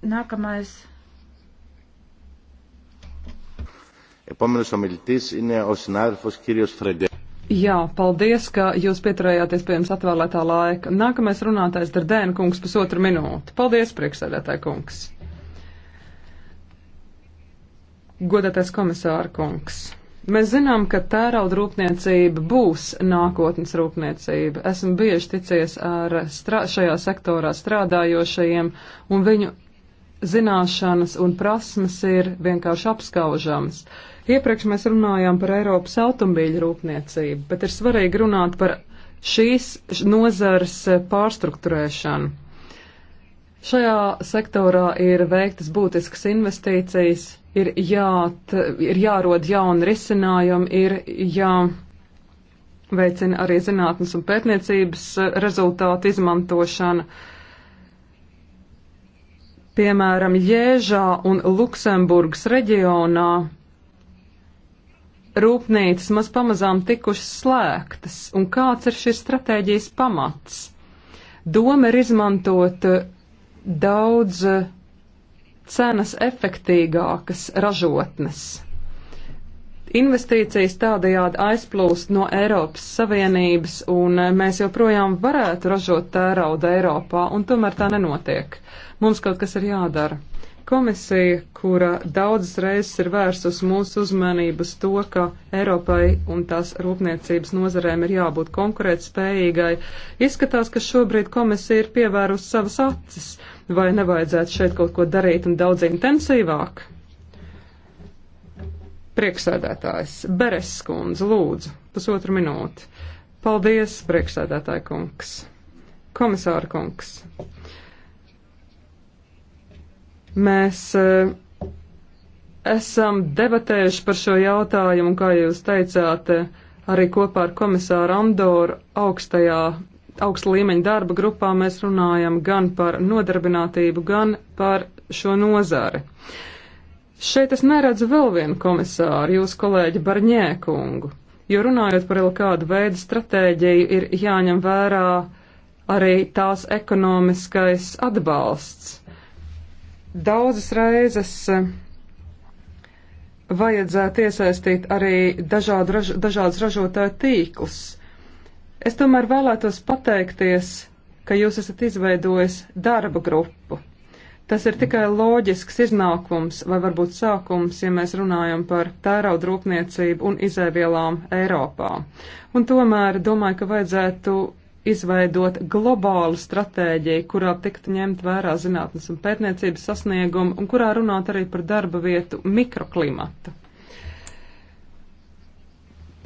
Nākamais. Επόμενος ομιλητής είναι ο συνάδελφος κύριος Φρεντέ. Jā, paldies, ka jūs pieturējāties pie jums atvēlētā laika. Nākamais runātājs Dardēna kungs pusotru minūti. Paldies, priekšsēdētāja kungs. Godātais komisāra kungs. Mēs zinām, ka tērauda rūpniecība būs nākotnes rūpniecība. Esmu bieži ticies ar strā, šajā sektorā strādājošajiem, un viņu zināšanas un prasmes ir vienkārši apskaužamas. Iepriekš mēs runājām par Eiropas automobīļu rūpniecību, bet ir svarīgi runāt par šīs nozars pārstruktūrēšanu. Šajā sektorā ir veiktas būtiskas investīcijas, ir, jāt, ir jārod jauni risinājumi, ir jāveicina arī zinātnes un pētniecības eh, rezultātu izmantošana. Piemēram, Jēžā un Luksemburgas reģionā rūpnīcas maz pamazām tikušas slēgtas, un kāds ir šis stratēģijas pamats? Doma ir izmantot eh, daudz uh, cenas efektīgākas ražotnes. Investīcijas tādajādi aizplūst no Eiropas Savienības, un mēs joprojām varētu ražot tērauda Eiropā, un tomēr tā nenotiek. Mums kaut kas ir jādara. Komisija, kura daudzas reizes ir vērsus mūsu uzmanību uz to, ka Eiropai un tās rūpniecības nozarēm ir jābūt konkurētspējīgai, izskatās, ka šobrīd komisija ir pievērus savas acis, vai nevajadzētu šeit kaut ko darīt un daudz intensīvāk? Prieksēdētājs Beres skundze, lūdzu, pusotru minūti. Paldies, priekšsēdētāja kungs. Komisāra kungs. Mēs eh, esam debatējuši par šo jautājumu, kā jūs teicāt, eh, arī kopā ar komisāru Andoru augstajā, augsta līmeņa darba grupā mēs runājam gan par nodarbinātību, gan par šo nozari. Šeit es neredzu vēl vienu komisāru, jūsu kolēģi Barņēkungu, jo runājot par kādu veidu stratēģiju, ir jāņem vērā arī tās ekonomiskais atbalsts. Daudzas reizes eh, vajadzētu iesaistīt arī dažādu, raž, dažādas ražotāju tīklus. Es tomēr vēlētos pateikties, ka jūs esat izveidojis darba grupu. Tas ir tikai loģisks iznākums vai varbūt sākums, ja mēs runājam par tērauda rūpniecību un izēvielām Eiropā. Un tomēr domāju, ka vajadzētu izveidot globālu stratēģiju, kurā tiktu ņemt vērā zinātnes un pētniecības sasniegumu un kurā runāt arī par darba vietu mikroklimatu.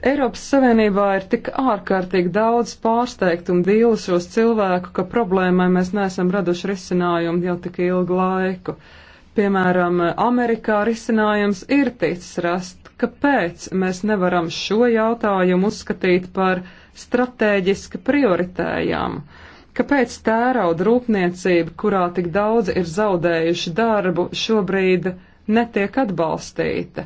Eiropas Savienībā ir tik ārkārtīgi daudz pārsteigtu un vīlušos cilvēku, ka problēmai mēs neesam raduši risinājumu jau tik ilgu laiku. Piemēram, Amerikā risinājums ir ticis rast kāpēc mēs nevaram šo jautājumu uzskatīt par stratēģiski prioritējām. Kāpēc tērauda rūpniecība, kurā tik daudzi ir zaudējuši darbu, šobrīd netiek atbalstīta?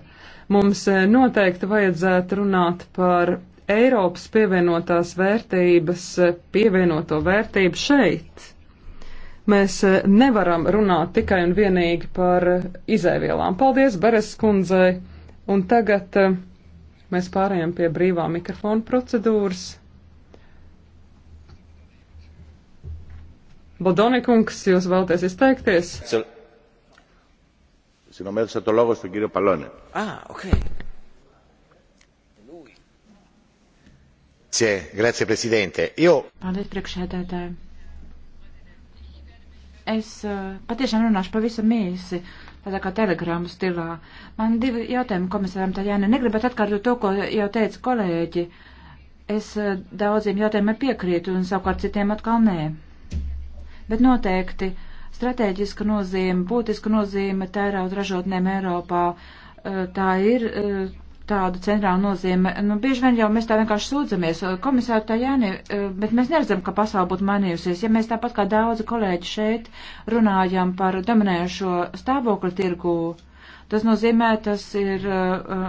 Mums eh, noteikti vajadzētu runāt par Eiropas pievienotās vērtības, eh, pievienoto vērtību šeit. Mēs eh, nevaram runāt tikai un vienīgi par izēvielām. Paldies, Beres kundzei! Un tagad uh, mēs pārējām pie brīvā mikrofona procedūras. Bodonikungs, jūs vēlaties izteikties? Συνομέθησα το λόγο στον κύριο Παλώνε. Α, οκ. Grazie, grazie Presidente. Io... Paldies, priekšsēdētāji. Es uh, patiešām runāšu pavisam īsi. Uh, tādā kā telegrāmu stilā. Man divi jautājumi komisāram Tajāne. Negribat atkārtot to, ko jau teica kolēģi. Es eh, daudziem jautājumiem piekrītu un savukārt citiem atkal nē. Bet noteikti strateģiska nozīme, būtiska nozīme tērauda ražotnēm Eiropā. Eh, tā ir eh, tādu centrālu nozīmi. Nu, bieži vien jau mēs tā vienkārši sūdzamies, komisāri tā jāni, eh, bet mēs neredzam, ka pasauli būtu mainījusies. Ja mēs tāpat kā daudzi kolēģi šeit runājam par dominējošo stāvokli tirgu, tas nozīmē, tas ir uh,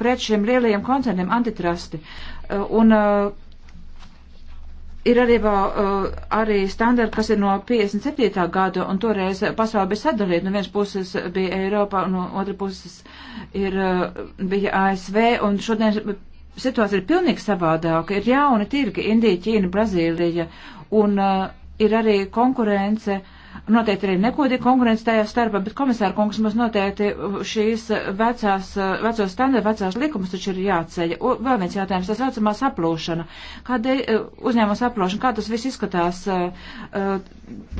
pret šiem lielajiem koncerniem antitrasti. Uh, un, uh, Ir arī, vēl, uh, arī standarti, kas ir no 57. gada, un toreiz pasauli bija sadalīta. No nu, vienas puses bija Eiropa, un no otras puses ir, eh, bija ASV, un šodien situācija ir pilnīgi savādāka. Ir jauni tirgi - Indija, Ķīna, Brazīlija, un uh, ir arī konkurence. Noteikti arī nekodīga konkurence tajā starpā, bet komisāra kungs mums noteikti šīs vecās, eh, veco standartu, vecās likumus taču ir jāceļ. Un vēl viens jautājums, tā saucamā saplūšana. Kāda uzņēmuma saplūšana, kā tas viss izskatās?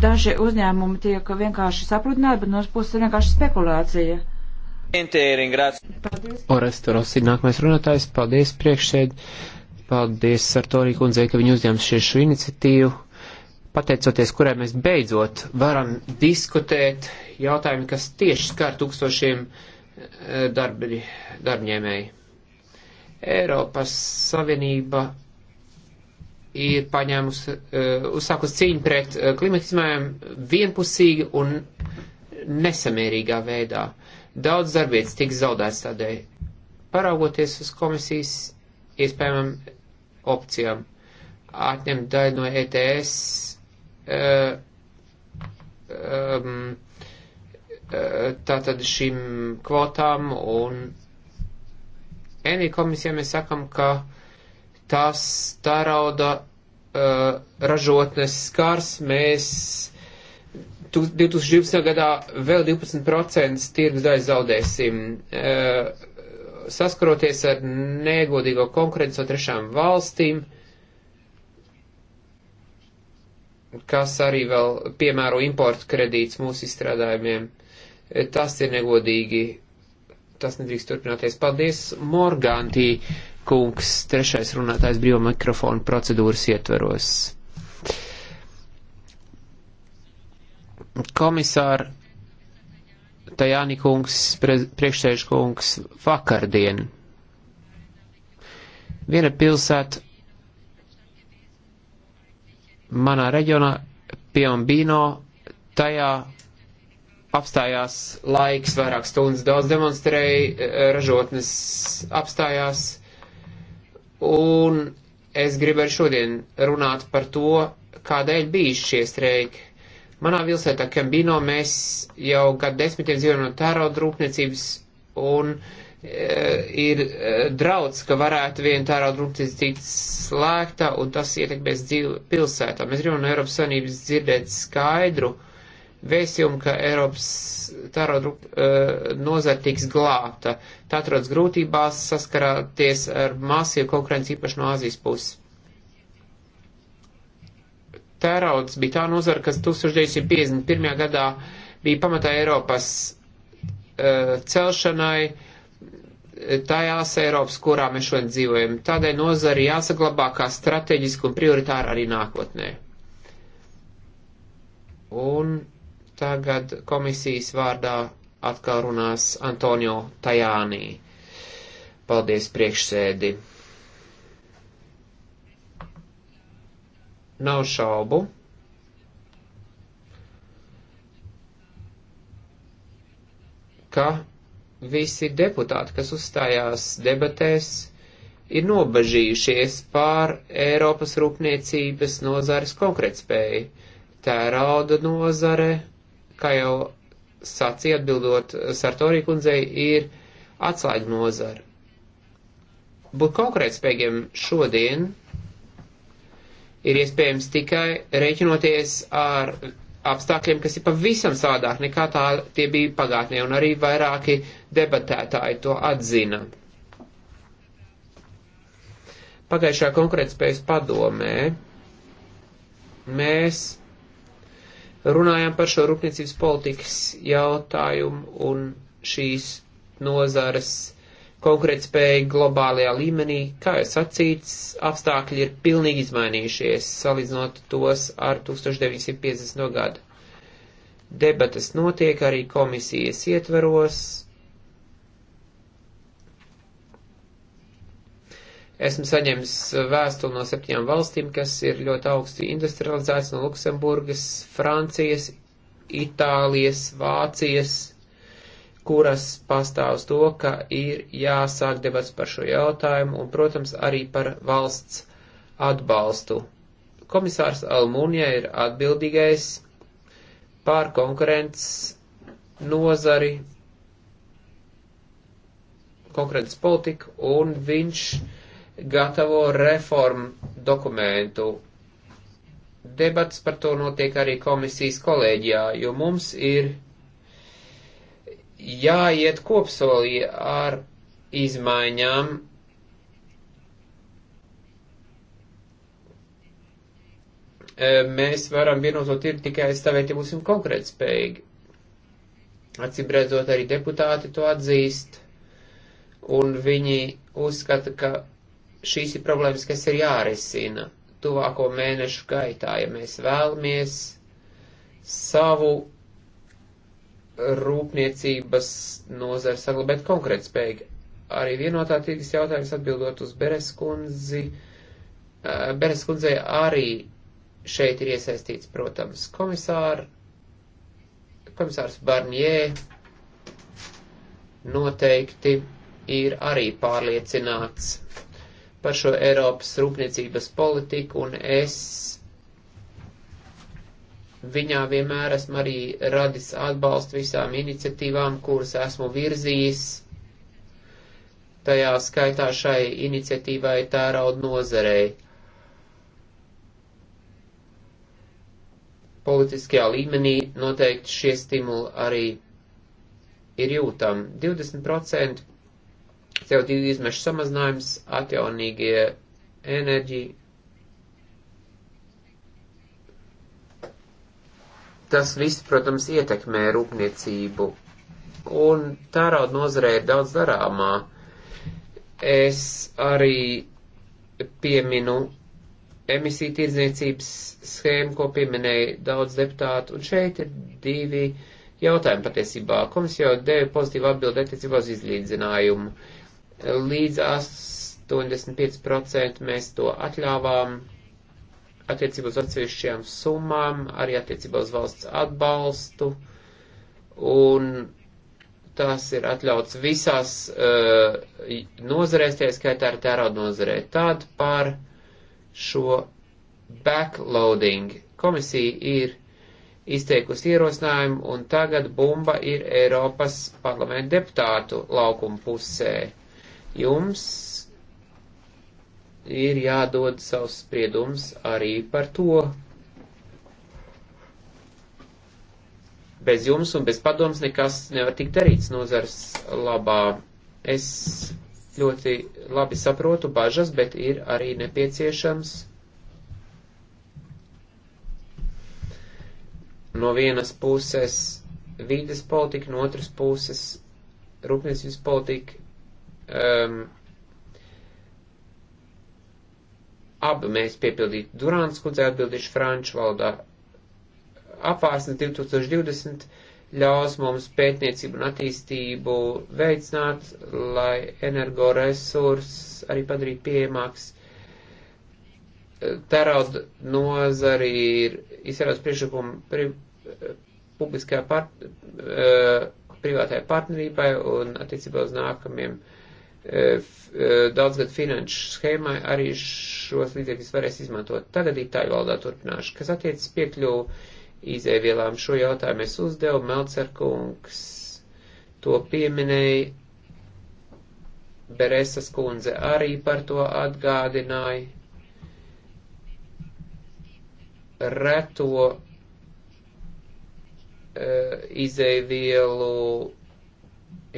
Daži uzņēmumi tiek vienkārši sapludināti, bet no otras puses ir vienkārši spekulācija. Oresta Rosī, nākamais runātājs, paldies priekšsēd, paldies Sartorī kundzei, ka viņi uzņēma šo iniciatīvu, pateicoties kurai mēs beidzot varam diskutēt jautājumu, kas tieši skar tūkstošiem e, darbi, darbņēmēji. Eiropas Savienība ir paņēmusi, e, uzsākusi cīņu pret e, klimatizmēm vienpusīgi un nesamērīgā veidā. Daudz darbietas tiks zaudēts tādēļ. Paraugoties uz komisijas iespējamam opcijām, atņemt daļu no ETS, uh, eh, um, eh, mm, eh, tātad šīm kvotām un ENI komisijā mēs sakam, ka tās tā rauda uh, ražotnes skars, mēs 2020. gadā vēl 12% tirgus daļu zaudēsim, eh, saskaroties ar negodīgo konkurenci no trešām valstīm, kas arī vēl piemēro importu kredītus mūsu izstrādājumiem. Eh, tas ir negodīgi. Tas nedrīkst turpināties. Paldies, Morgantī kungs, trešais runātājs brīvo mikrofonu procedūras ietveros. komisāra Tajāni kungs, priekšsēžu kungs, vakardien. Viena pilsēta manā reģionā, Piombino, tajā apstājās laiks, vairāk stundas daudz demonstrēja, eh, ražotnes apstājās. Un es gribēju šodien runāt par to, kādēļ bija šie streiki Manā vilsētā Kambino mēs jau gadu desmitiem dzīvojam no tērauda rūpniecības un e, ir e, drauds, ka varētu viena tērauda rūpnīca tikt slēgta, un tas ietekmēs dzīvi pilsētā. Mēs gribam no Eiropas Savienības dzirdēt skaidru vēstījumu, ka Eiropas tērauda uh, nozara tiks glābta. Tā atrodas grūtībās saskarāties ar masīvu konkurenci īpaši no Azijas puses. Tērauds bija tā nozara, kas 1951. gadā bija pamatā Eiropas uh, celšanai tajās Eiropas, kurā mēs šodien dzīvojam. Tādēļ nozari jāsaglabā kā strateģiski un prioritāri arī nākotnē. Un tagad komisijas vārdā atkal runās Antonio Tajānī. Paldies priekšsēdi! Nav šaubu. ka visi deputāti, kas uzstājās debatēs, ir nobežījušies pār Eiropas rūpniecības nozares konkrētspēju. Tērauda nozare, kā jau sacīja atbildot Sartorī kundzei, ir atslēga nozara. Būt konkrētspējiem šodien ir iespējams tikai rēķinoties ar apstākļiem, kas ir pavisam savādāk nekā tā tie bija pagātnē, un arī vairāki debatētāji to atzina. Pagājušā konkurētspējas padomē mēs runājām par šo rūpniecības politikas jautājumu un šīs nozares konkurētspēju globālajā līmenī, kā jau sacīts, apstākļi ir pilnīgi izmainījušies, salīdzinot tos ar 1950. gadu. Debatas notiek arī komisijas ietveros. Esmu saņēmis vēstuli no septiņām valstīm, kas ir ļoti augsti industrializēts no Luksemburgas, Francijas, Itālijas, Vācijas, kuras pastāv uz to, ka ir jāsāk debats par šo jautājumu un, protams, arī par valsts atbalstu. Komisārs Almūnija ir atbildīgais pār konkurences nozari, konkurences politiku, un viņš gatavo reformu dokumentu. Debats par to notiek arī komisijas kolēģijā, jo mums ir jāiet kopsolī ar izmaiņām e, mēs varam vienoto tirgu tikai aizstāvēt, ja būsim konkrēti spējīgi. Acīm redzot, arī deputāti to atzīst, un viņi uzskata, ka šīs ir problēmas, kas ir jārisina tuvāko mēnešu gaitā, ja mēs vēlamies savu rūpniecības nozara saglabāt konkrēt spēju. Arī vienotā tirgus jautājums atbildot uz Bereskundzi. Eh, Bereskundzei arī šeit ir iesaistīts, protams, komisār, komisārs Barnier noteikti ir arī pārliecināts par šo Eiropas rūpniecības politiku, un es Viņā vienmēr esmu arī radis atbalstu visām iniciatīvām, kuras esmu virzījis. Tajā skaitā šai iniciatīvai tērauda nozarei. Politiskajā līmenī noteikti šie stimuli arī ir jūtami. 20% CO2 izmešu samazinājums, atjaunīgie enerģija, Tas viss, protams, ietekmē rūpniecību. Un tērauda nozarē ir daudz darāmā. Es arī pieminu emisiju tirdzniecības schēmu, ko pieminēja daudz deputātu, un šeit ir divi jautājumi patiesībā. Komisija jau deva pozitīvu atbildi attiecībā uz izlīdzinājumu. Līdz 85% mēs to atļāvām attiecībā uz atsevišķajām summām, arī attiecībā uz valsts atbalstu, un tas ir atļauts visās uh, nozarēs, tā skaitā arī tērauda nozarē. Tad par šo backloading komisija ir izteikusi ierosinājumu, un tagad bumba ir Eiropas parlamenta deputātu laukuma pusē. Jums ir jādod savs spriedums arī par to. Bez jums un bez padoms nekas nevar tikt darīts nozars labā. Es ļoti labi saprotu bažas, bet ir arī nepieciešams no vienas puses vīdes politika, no otras puses rūpniecības politika. Um, Abi mēs piepildītu Durāns kundzei atbildīšu franču valodā. Apvārsne 2020 ļaus mums pētniecību un attīstību veicināt, lai energoresursus arī padarītu pieejamāks. Tērauda nozari ir izsērās priekšlikumu pri, publiskajā part, eh, privātajai partnerībai un attiecībā uz nākamiem uh, E, e, daudzgad finanšu schēmai arī šos līdzekļus varēs izmantot. Tagad Itāļu valdā turpināšu. Kas attiecas piekļuvu izēvielām, šo jautājumu es uzdevu, Melcerkungs to pieminēja, Beresas kundze arī par to atgādināja. Reto uh, izēvielu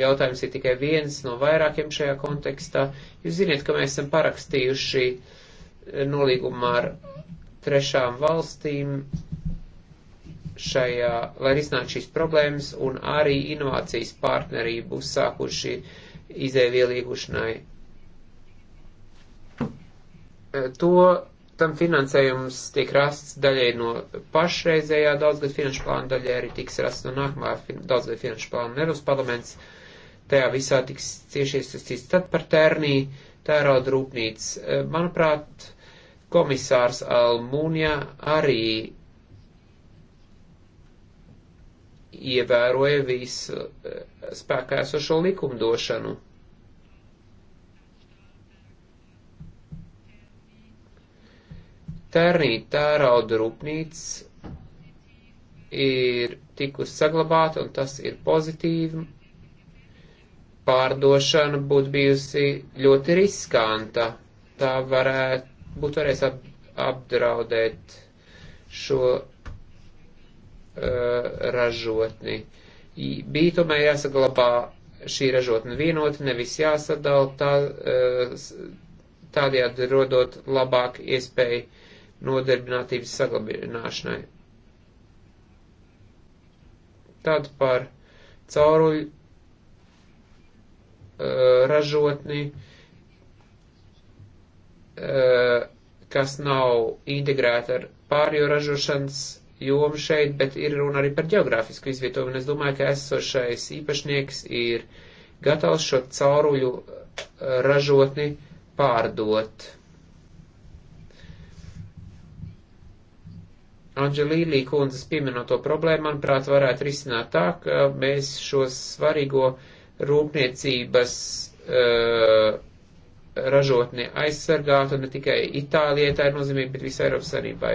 jautājums ir tikai viens no vairākiem šajā kontekstā. Jūs ziniet, ka mēs esam parakstījuši eh, nolīgumā ar trešām valstīm šajā, lai risinātu šīs problēmas, un arī inovācijas partnerību uzsākuši izēvielīgušanai. Eh, to tam finansējums tiek rasts daļai no pašreizējā daudzgad finanšu plāna, daļai arī tiks rasts no nākamā fin daudzgad finanšu plāna. Nervus parlaments uh, tajā visā tiks cieši iesaistīts. Tad par tērnī tērauda rūpnīca. Eh, manuprāt, komisārs Almūnija arī ievēroja visu eh, spēkā esošo likumdošanu. Tērnī tērauda rūpnīca ir tikusi saglabāta, un tas ir pozitīvi pārdošana būtu bijusi ļoti riskanta. Tā varētu būt varēs ap, apdraudēt šo uh, ražotni. Bija tomēr jāsaglabā šī ražotne vienota, nevis jāsadala tā, uh, tādējādi rodot labāku iespēju nodarbinātības saglabināšanai. Tad par cauruļu Uh, ražotni, uh, kas nav integrēta ar pārējo ražošanas jomu šeit, bet ir runa arī par geogrāfisku izvietojumu. Es domāju, ka esošais īpašnieks ir gatavs šo cauruļu uh, ražotni pārdot. Anģelīlī kundzes pieminoto problēmu, manuprāt, varētu risināt tā, ka mēs šo svarīgo uh, rūpniecības uh, ražotne aizsargāta ne tikai Itālijai, tā ir nozīmīga, bet visai Eiropas Savienībai.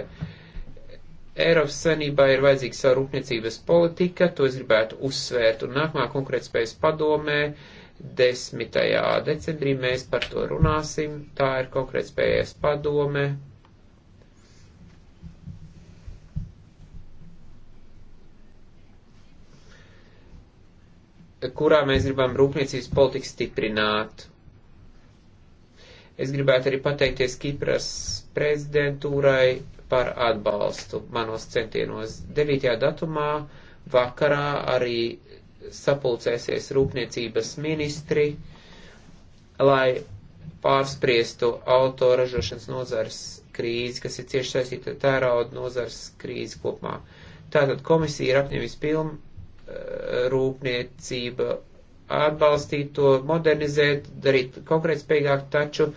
Eiropas Savienībā ir vajadzīga savu rūpniecības politika, to es gribētu uzsvērt, un nākamā konkrētspējas padomē 10. decembrī mēs par to runāsim, tā ir konkrētspējas padome, kurā mēs gribam rūpniecības politiku stiprināt. Es gribētu arī pateikties Kipras prezidentūrai par atbalstu manos centienos. 9. datumā vakarā arī sapulcēsies rūpniecības ministri, lai pārspriestu autoražošanas nozars krīzi, kas ir cieši saistīta ar tērauda nozars krīzi kopumā. Tātad komisija ir apņēmis pilnu rūpniecība, atbalstīt to, modernizēt, darīt konkurētspējīgāk, taču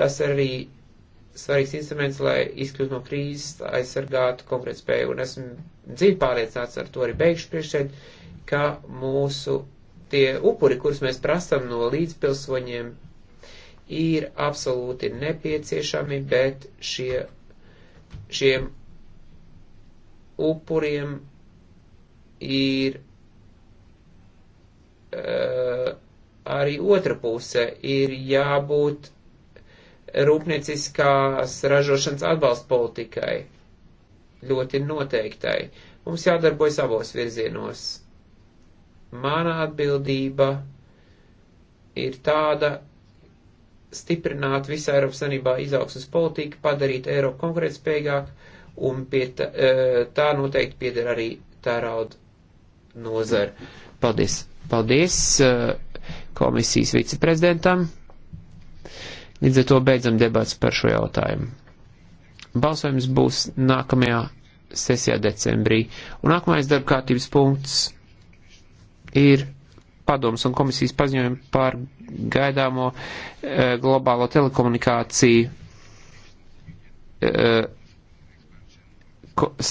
tas arī svarīgs instruments, lai izkļūtu no krīzes, aizsargātu konkurētspēju. Un esmu dziļi pārliecināts, ar to arī beigšu priekšēd, ka mūsu tie upuri, kurus mēs prasam no līdzpilsoņiem, ir absolūti nepieciešami, bet šie, šiem upuriem ir Eh, arī otra puse ir jābūt rūpnieciskās ražošanas atbalsta politikai ļoti noteiktai. Mums jādarbojas abos virzienos. Mana atbildība ir tāda stiprināt visā Eiropas Sanībā izaugsmas politiku, padarīt Eiropu konkurētspējīgāk, un pie tā, eh, tā noteikti pieder arī tērauda nozara. Paldies! Paldies eh, komisijas viceprezidentam. Līdz ar to beidzam debats par šo jautājumu. Balsojums būs nākamajā sesijā decembrī. Un nākamais darba kārtības punkts ir padoms un komisijas paziņojumi par gaidāmo e, globālo telekomunikāciju. E, ko,